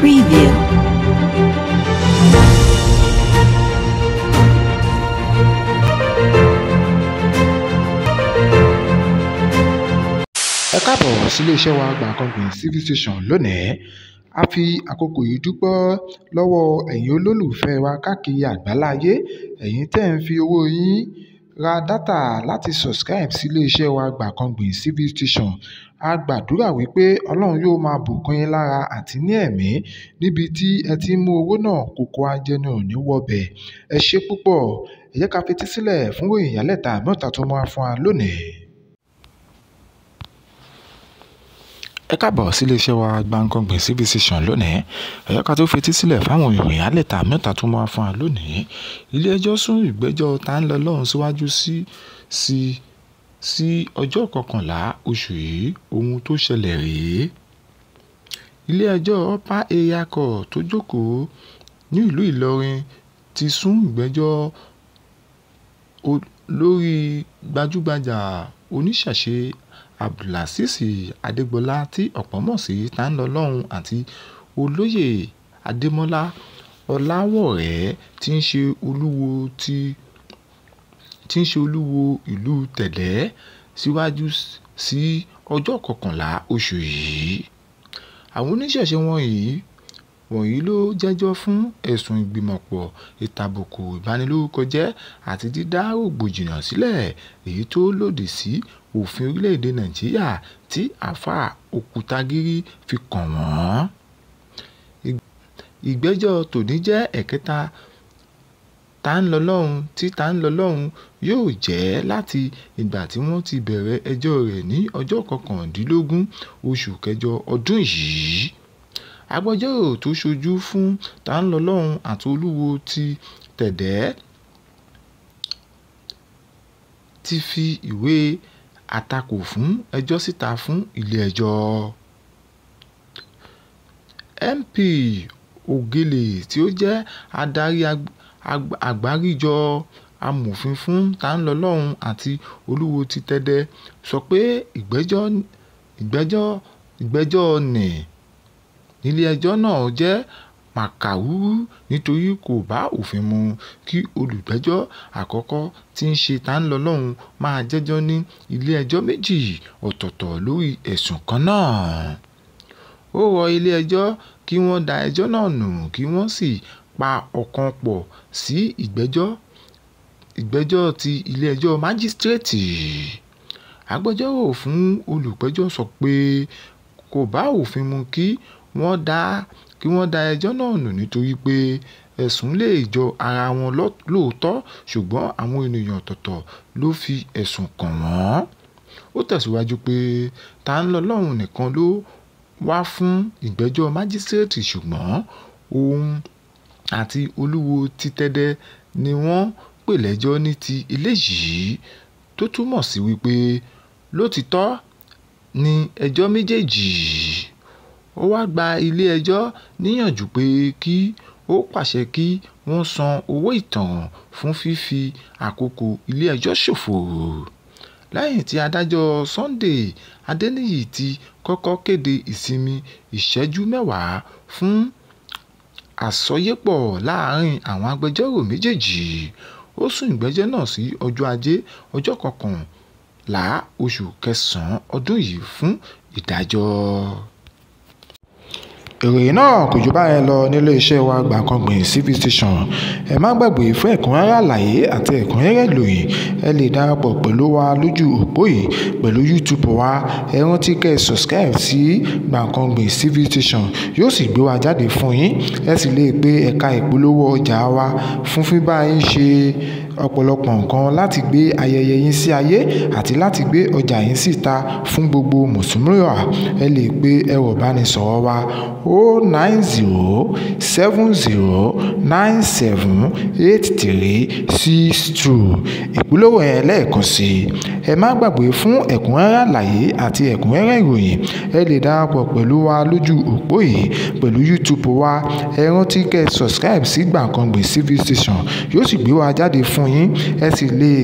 Preview. ẹ káàbọ̀ sílé iṣẹ́ wa Gbankanbi TV station lónìí a fi àkókò yìí dúpọ́ lọ́wọ́ ẹ̀yin olólùfẹ́ wa káàkiri àgbáláyé ẹ̀yin tẹ́ ń fi owó yín ra dátà láti subscribe síléeṣẹ́ wa Gbakangbin TV station a gbàdúrà wípé Ọlọ́run yóò máa bùkún yín lára àti ní ẹ̀mí níbi tí ẹ ti ń mú owó náà kòkò ajẹnu ò ní wọbẹ̀ ẹ ṣé púpọ̀ ẹ jẹ́ ká fetísílẹ̀ fún ìròyìn ìyálẹ̀ta àbí tó múra fún wa lónìí ẹ káàbọ̀ sílé iṣẹ́ wa Gbankanbi CBC sàn lónìí ẹ̀yọ́ ká tó fetí sílẹ̀ fáwọn ìròyìn alẹ́ta mẹ́ta tó máa fún wa lónìí ilé-ẹjọ́ sún ìgbẹ́jọ́ ta ń lọ lọ́rùn síwájú sí sí sí ọjọ́ kọkànlá oṣù yìí ohun tó ṣẹlẹ̀ rèé ilé-ẹjọ́ upper area court tó jókòó ní ìlú Ìlọrin ti sún ìgbẹ́jọ́ lórí gbajúgbajà oníṣàṣe abdulazeez adégbọlá tí ọ̀pọ̀ mọ̀ sí ta-ní-ọlọ́run àti olóyè adémọlá ọ̀làwọ́ọ́rẹ́ tí í ṣe olúwo ìlú tẹ́lẹ̀ síwájú sí ọjọ́ kọkànlá oṣù yìí àwọn oníṣẹ̀ṣe wọ̀nyí ló jẹ́jọ́ fún ẹ̀sùn ìgbìmọ̀pọ̀ ìtàbùkù ìbanilórúkọjẹ́ àti dídá rògbòdìyàn sílẹ̀ èyí tó lòdì sí òfin orílẹ̀-èdè Nàìjíríà tí àáfàá Òkútagírí fi kàn wọ́n. Ìgbẹ́jọ́ tòní jẹ́ ẹ̀kẹta Táńlọlọ́run tí Táńlọlọ́run yóò jẹ́ láti ìgbà tí wọ́n ti bẹ̀rẹ̀ ẹjọ́ rẹ̀ ní ọjọ́ kọkàndínlógún oṣù kẹjọ ọdún yìí. Agbẹjọ́rò tó ṣojú fún Táńlọlọ́run Àtolúwo ti tẹ̀dó ti fi ìwé àtakò fún ẹjọ́ síta fún ilé-ẹjọ́. mp ògèlè tí ó jẹ́ adarí àgbáríjọ amòfin fún ta-ń-lọlọ́run àti olúwo ti tẹdẹ sọ pé ìgbẹ́jọ́ ní nílé-ẹjọ́ náà jẹ́ Màkàrú nítorí kò bá òfin mu kí olùgbẹ́jọ́ àkọ́kọ́ tí í ṣe Taniọlọ́run máa jẹ́jọ́ ní ilé-ẹjọ́ méjì ọ̀tọ̀ọ̀tọ̀ lórí ẹ̀sùn kan náà. Ó rọ ilé-ẹjọ́ kí wọ́n da ẹjọ́ náà nù kí wọ́n sì pa ọkàn pọ̀ sí ìgbẹ́jọ́ ti ilé-ẹjọ́ májísíréètì. Agbẹjọ́rò fún olùpẹ̀jọ́ sọ pé kò bá òfin mu kí wọ́n dá kí wọ́n da ẹjọ́ náà nù nítorí pé ẹ̀sùn lè jọ ara wọn lóòótọ́ ṣùgbọ́n àwọn ènìyàn ọ̀tọ̀ọ̀tọ̀ ló fi ẹ̀sùn kàn wọ́n. Ó tẹ̀síwájú pé Taniọlọ́run nìkan ló wà fún ìgbẹ́jọ́ májísréètì ṣùgbọ́n òun àti Olúwo ti Tẹdẹ ni wọ́n pè lẹ́jọ́ ní ti eléyìí tó túmọ̀ sí wípé lótìítọ́ ni ẹjọ́ méjèèjì ó wáá gba ilé-ẹjọ́ níyànjú pé kí ó pàṣẹ kí wọ́n san owó ìtanràn fún fífi àkókò ilé-ẹjọ́ ṣòfò. lẹ́yìn tí adájọ́ sunday adẹniyí ti kọ́kọ́ kéde ìsinmi ìṣẹ́jú mẹ́wàá fún àsọyépọ̀ láàrin àwọn agbẹjọ́rò méjèèjì ó sún ìgbẹ́jọ́ náà sí ọjọ́ ajé ọjọ́ kọkànlá oṣù kẹsàn-án ọdún yìí fún ìdájọ́ ìròyìn náà kò jù báyẹn lọ nílé iṣẹ́ wa Gbankanbi cv station ẹ má gbàgbé fún ẹ̀kúnrẹ́rẹ́ àlàyé àti ẹ̀kúnrẹ́rẹ́ ìròyìn ẹ lè darapọ̀ pẹ̀lú wa lójú òpó yìí pẹ̀lú youtube wa ẹ rántí kẹ́ ẹ subscribe sí Gbankanbi cv station yóò sì gbé wa jáde fún yín ẹ sì lè pe ẹ̀ka ìpolówó ọjà wa fún fífá yín ṣe ọ̀pọ̀lọpọ̀ nǹkan láti gbé ayẹyẹ yín sí ayé àti láti gbé ọjà yín síta fún gbogbo mùsùlùmí wa ẹ lè pe ẹ̀rọ ìbánisọ̀rọ̀ wa o oh nine zero seven zero nine seven eight three six two ìpolówó yẹn lẹ́ẹ̀kan sí i ẹ má gbàgbé fún ẹ̀kúnrẹ́rẹ́ àlàyé àti ẹ̀kúnrẹ́rẹ́ ìròyìn ẹ lè darapọ̀ pẹ̀lú wa lójú òpó yìí pẹ̀lú YouTube wa ẹ rántí kẹ́ ẹ subscribe sí Gbankanbi TV station yóò sì gbé wa jáde fún yín ẹ sì lè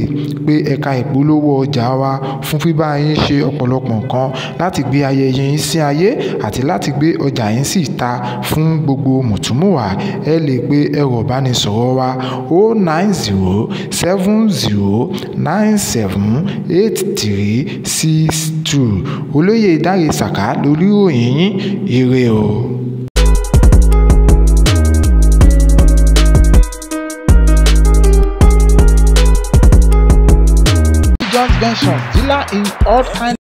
pe ẹ̀ka ìpolówó ọjà wa fún fíbá yín ṣe ọ̀pọ̀lọpọ̀ nǹkan láti gbé ayẹyẹ yín sí ayé àti láti gbé ọjà yín sí ìta fún gbogbo mùtúmùwà ẹ lè pe ẹ̀rọ ìbánisọ̀rọ̀ wa 090 70 97 eight three six two olóyè Dáre Sàká lórí ìròyìn yín ire o. John's Benson dealer in all kinds